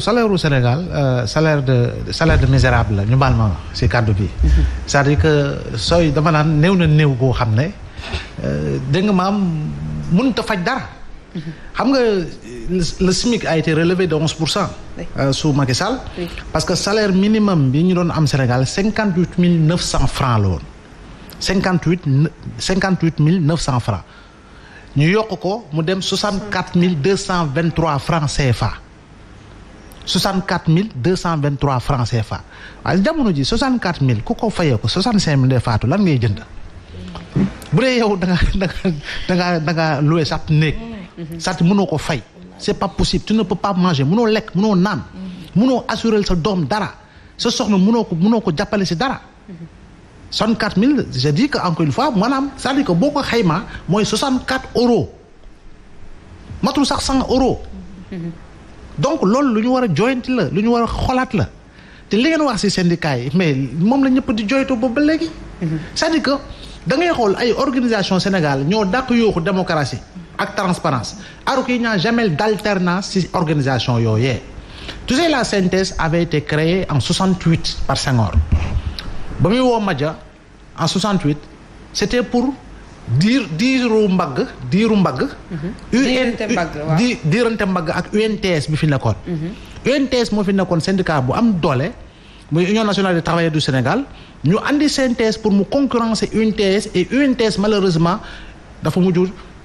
salaire wu Sénégal euh, salaire de salaire de misérable la ñu baal ma si kàddu bi. c'est-à-dire que sooy dama naan néew na néew goo xam ne euh, dégg nga maam mënut a faj dara. xam nga le SMIC a été relevé de onze pour cent. Euh, sous Macky Sall. parce que salaire minimum bi ñu doon am Sénégal cinquante huit mille neuf cent francs la woon. cinquante huit mille neuf cent francs ñu yokk ko mu dem soixante quatre mille deux cent vingt trois francs CFA. 64 223 francs CFA waaye jamono ji 64 000 ku ko fayee ko 65 000 day faatu lan ngay jënd bu dee yow da nga da nga da nga da nga loué sat néeg sat mënoo ko fay c'est pas possible tu ne peux pas manger mënoo lekk mënoo naan mënoo assurer sa doom dara sa soxna munoo ko mënoo ko jàppale si dara 64 000 mille dis que encore une fois maanaam cest ko boo ko xaymaa mooy 64 euros matul sax 100 euros donc loolu lu ñu war a joyanti la lu ñu war a xolaat la te li ngeen wax ci syndicat yi mais moom la ñëpp di joytu boobu ba léegi. Mhm. c'est-à-dire que da xool ay organisation Sénégal ñoo dàq yooxu démocratie ak transparence alors qu'il n'y a jamais d'alternance ci organisation yooyee. tu sais la synthèse avait été créée en 68 par Senghor ba muy woo Madja en 68 c'était pour. diir diiru mbagg diiru mbagg. Mhm. diirante mbagg waaw di diirante mbagg ak UNTS bi fi nekkoon. Mhm. UNTS moo fi nekkoon syndicat bu am doole muy Union nationale des travailleurs du Sénégal ñu andi CNTS pour mu concurrencer UNTS et UNTS malheureusement dafa mujj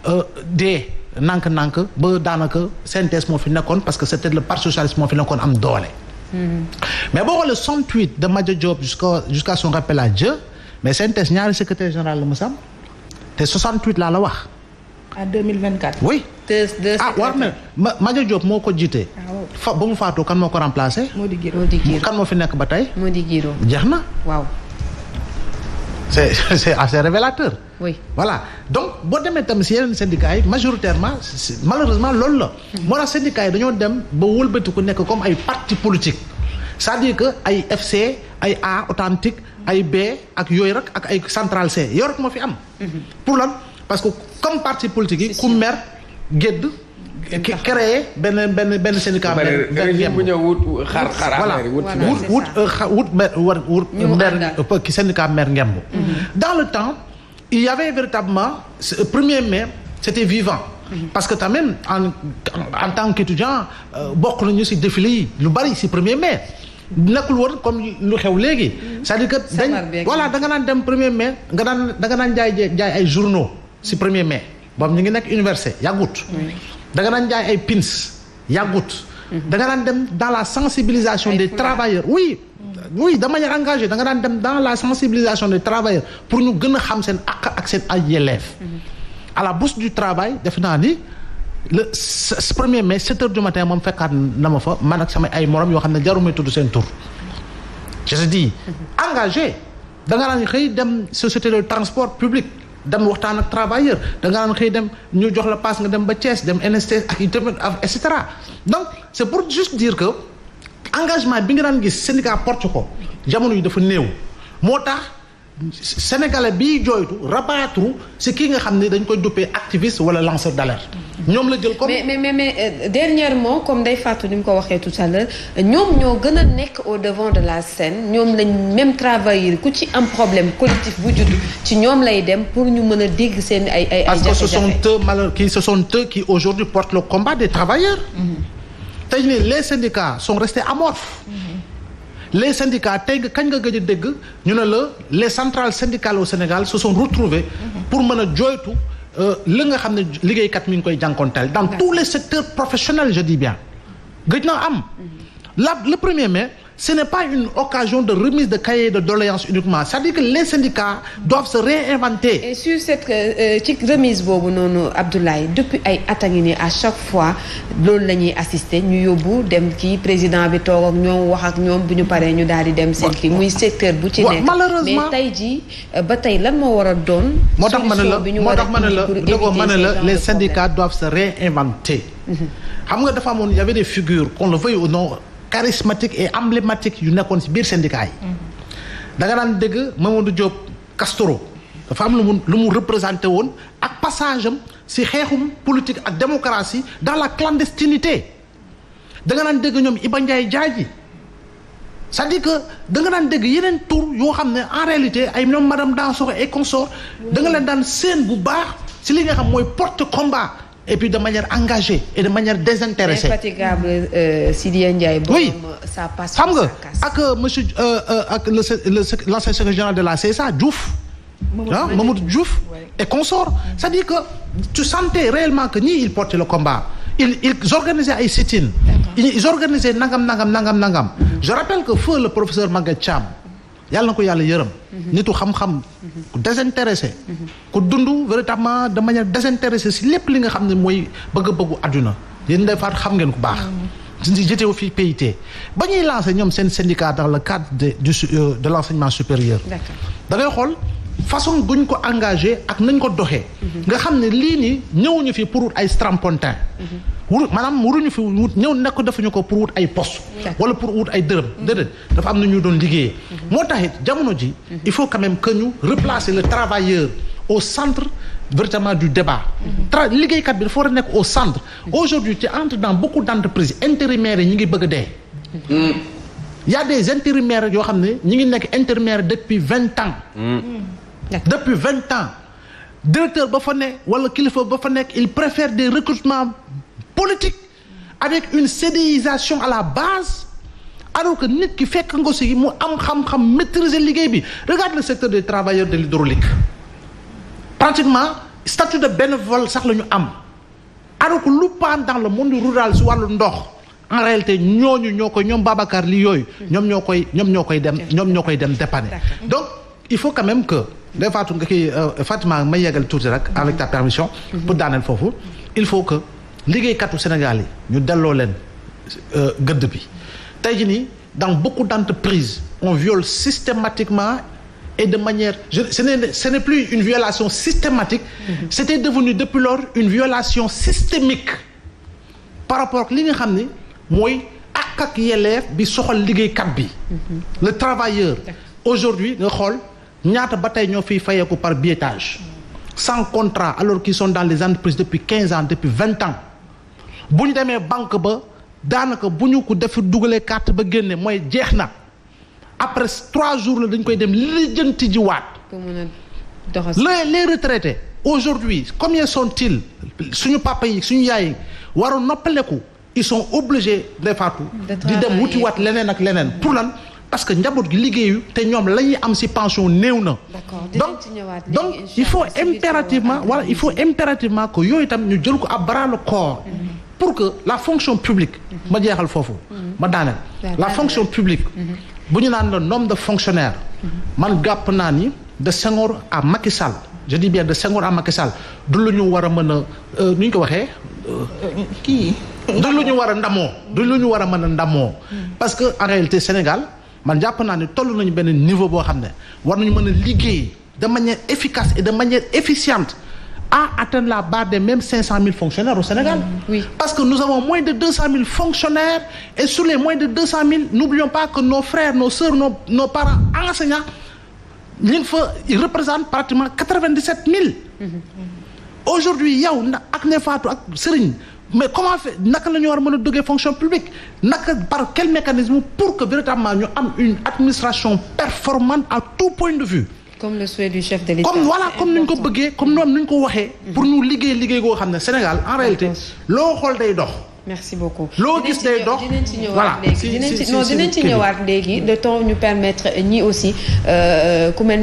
euh, dee nànk-nànk ba daanaka CNTS moo fi nekkoon parce que c'était le parti socialiste moo fi nekkoon am doole. Mhm. mais boo xoolee 68 de Madia Diop jusqu'à jusqu'à son rappel mais CNTS ñaari secrétaire général la sam te 68 laa la wax. à ah, 2024. oui te ah war na ma Madio Diop moo ko jiite. Ah, fa ba mu faatoo kan moo ko remplacé. Mody Guiro kan moo fi nekk ba tey. Mody Guiro jeex na. waaw. c'est c'est assez révélateur. oui voilà donc boo demee tamit si yeneen syndicats yi majoritairement malheureusement loolu la. Hmm. moo tax syndicats dañoo dem ba wëlbatiku nekk comme ay parti politique. c'est-à-dire que ay FC ay A authentique ay B ak yooyu rek ak ay central C yooyu rek moo fi am. Mhm. pour parce que comme parti politique yi. ku mer gédd. créé benn benn benn syndicat. benn bu ñëw wut xar wut wut wut wut euh, wut mer euh, syndicat mer ngemb. Mhm. dans le temps il y avait véritablement euh, premier mai c'était vivant. Mhm. parce que tamit en en tant qu'étudiant bokk nañu ci défilé yi lu bari ci premier mai. nekkul woon comme lu xew léegi. Mm. c'est-à-dire que da nga naan dem premier mai nga daan da nga naan jaay jaay ay journaux si premier mai boobu ñu ngi nekk université yàggut. da nga naan jaay ay pins yàggut. Mm-hmm. da nga daan dem dans la sensibilisation des travailleurs oui. Mm. oui de engagé danga da daan dem dans la sensibilisation des travailleurs pour ñu gën a xam seen àq ak seen ay yelleef. Mm-hmm. à la bourse du travail def naa ni. le ce premier mai sept heures du matin moom fekkaat na ma fa man ak sama ay moroom yoo xam ne jarumay tudd seen tur je te dis mhm. engagé da nga daan xëy dem société de transport public dem waxtaan ak travailleur da nga daan xëy dem ñu jox la paas nga dem ba Thiès dem NST ak itamit et cetera donc c' pour juste dire que engagement bi nga daan gis syndicat porte ko jamono yi dafa néew moo tax. sénégalais biy jooytu rabattre si kii nga xam ne dañ koy duppee activiste wala lanceur d'alerte. ñoom la jël comme mais mais mais euh, dernièrement comme day fàttu ni mu ko waxee tout à l'heure ñoom ñoo gën a nekk au devant de la scène ñoom lañ même travail ku ci am problème collectif bu judd ci ñoom lay dem pour ñu mën a dégg seen ay ay. parce que ce sont eux malheur qui ce sont eux qui aujourd'hui portent le combat des travailleurs. Mm-hmm. tey jii les syndicats sont restés amorphes. Mm-hmm. les syndicats tey nga kañ nga gëj a dégg ñu ne la les centrales syndicales au Sénégal se sont retrouvées pour mën a jooytu euh, la nga xam ne liggéeykat mi ngi koy jànkonteel dans tous les secteurs professionnels je dis bien gëj naa am la le premier mai ce n'est pas une occasion de remise de cahier de doléances uniquement c'est-à-dire que les syndicats doivent se réinventer. et sur cette euh, euh, ci remise boobu noonu Abdoulaye depuis ay at nii à chaque fois loolu la ñuy assister ñu yóbbu dem kii président bi toog ak ñoom wax ak ñoom bu ñu paree ñu daal di dem. seen kii muy secteur bu ci nekk. malheureusement mais tey jii euh, ba tey lan moo war a doon. moo tax ma ne la moo tax ma ne la dëggoo ma ne la les syndicats doivent se réinventer. Mhm. xam nga dafa amoon y avait des figures qu'on le veuille charismatique et emblématique yu nekkoon ci biir syndicat yi. da nga daan dégg Mamadou Diop Castoro dafa am lu mu lu woon ak passage am ci xeexum politique ak démocratie dans la clandestinité da nga daan dégg ñoom Iba Ndiaye Diadji c'est-à-dire que da daan dégg yeneen tour yoo xam ne en réalité ay ñoom madame Dansokho et consort danga leen daan seen bu baax ci li nga xam mooy porte combat. et puis de manière engagée et de manière désintéressée. infatigable euh, Sidya Ndiaye. oui ça passe xam nga ak euh, monsieur euh, ak le le l' ancien secrétaire général de la CSA Diouf. Mamadou ah, Diouf et consorts c'est-à-dire que tu sentais réellement que ñii ils portaient le combat ils ils organisaient ay sit-in ils organisaient nangam nangam nangam nangam. Mm-hmm. je rappelle que feu le professeur Maguette Thiam. yàlla na ko yàlla yërëm. nitu xam-xam. ku désintéressé. ku dund véritablement de manière désintéressée si lépp li nga xam ne mooy bëgg-bëggu àdduna yéen day faat xam ngeen ku baax. di jëtewu fi PIT ba ñuy lancé ñoom seen syndicat dans le cadre de du euh, de l' enseignement supérieur. d'accord xool. façon guñ ko engagé ak nañ ko doxee. Mhm. nga xam ne lii nii ñëwuñu fi pour wut ay strapontin. Mhm. wuru maanaam wuruñu fi wut ñëw nekk defuñu ko pour wut ay poste wala pour wut ay dërëm. Mhm. dafa am na doon liggéeyee. moo taxit jamono ji. il faut quand même que ñu replacer le travailleur au centre. véritablement du débat. tra liggéeykat bi dafa war a nekk au centre. aujourd'hui tu entres dans beaucoup d'entreprises intérimaires yi ñu ngi bëgg a dee. y a des intérimaires yoo xam ne ñu ngi nekk intérimaires depuis vingt ans. depuis vingt ans directeur ba fa ne wala kilifa ba fa nekk il préfère des recrutements politiques avec une CDIsation à la base alors que nit ki fekk nga si mu am xam-xam maîtriser liggéey bi regarde le secteur des travailleurs de l'hydraulique pratiquement statut de bénévole sax la ñu am alors que lu paan dans le monde rural si wàllu ndox en réalité ñooñu ñoo koy ñoom Babacar li yooyu ñoom ñoo koy ñoom ñoo koy dem ñoom ñoo koy dem dépanner il faut quand même que day faatu nga kii avec ta permission mhm. pour daaneel foofu il faut que liggéeykatu Sénégal yi ñu delloo leen euh, gëdd bi tey jii nii dans beaucoup d'entreprises on viole systématiquement et de manière je ce n'est ce n'est plus une violation systématique mhm. c'était devenu depuis lors une violation systémique par rapport ak li nga xam ni mooy ak ak bi soxal liggéeykat bi mhm. le travailleur aujourd'hui nga xool ñaata ba tey ñoo fiy fayeeku par billetage sans contrat alors qu'ils sont dans les entreprises depuis quinze ans depuis vingt ans bu ñu demee banque ba daanaka bu ñu ko def dugalee carte ba génne mooy jeex na après trois jours la dañ koy dem li lijjanti ji waat les les retraités comme combien sont-ils suñu papa yi suñu yaay yi waroon noppaleku ils sont obligés de faatu di dem wuti waat leneen ak leneen pour lan parce que njaboot gi liggéeyu te ñoom la ñuy am ci pension néew na. donc donc il faut impérativement wala il faut impérativement que yooyu tam ñu jël ko à bras le corps. Mm-hmm. pour que la fonction publique. Mm-hmm. ma jeexal foofu. Mm-hmm. ma daaneel la fonction publique. bu ñu naan le nombre de fonctionnaires. man gàpp naa ni de Senghor à Macky Sall je dis de Senghor à Macky Sall du lu ñu war a mën a euh, nu ko waxee. Euh, kii. du lu ñu war ndamoo. du lu ñu war a mën a ndamoo. parce que en réalité Sénégal. man jàpp naa ne tollu nañu benn niveau boo xam ne war nañu mën a liggéey de manière efficace et de manière efficiente à atteindre la barre des mêmes 500 000 fonctionnaires au Sénégal. oui parce que nous avons moins de 200 000 fonctionnaires et sur les moins de 200 000 n'oublions pas que nos frères nos sœurs nos nos parents enseignants ñu ngi fa ils représentent pratiquement 97 000. Mhm. aujourd'hui yow na ak ne faatu ak sëriñ. mais comment na naka la ñu war a mën a duggee fonction publique naka par quel mécanisme pour que véritablement ñu am administration performante à tout point de vue. comme le souhait du chef de l'État comme voilà comme ni ñu ko bëggee comme noonu ni ñu ko waxee. pour ñu liggéey liggéey goo xam ne Sénégal en réalité loo xool day dox. merci beaucoup loo gis day dox dinañ ci ñëwaat léegi dinañ ci ñëwaat léegi le temps ñu permettre ñi aussi euh, ku mel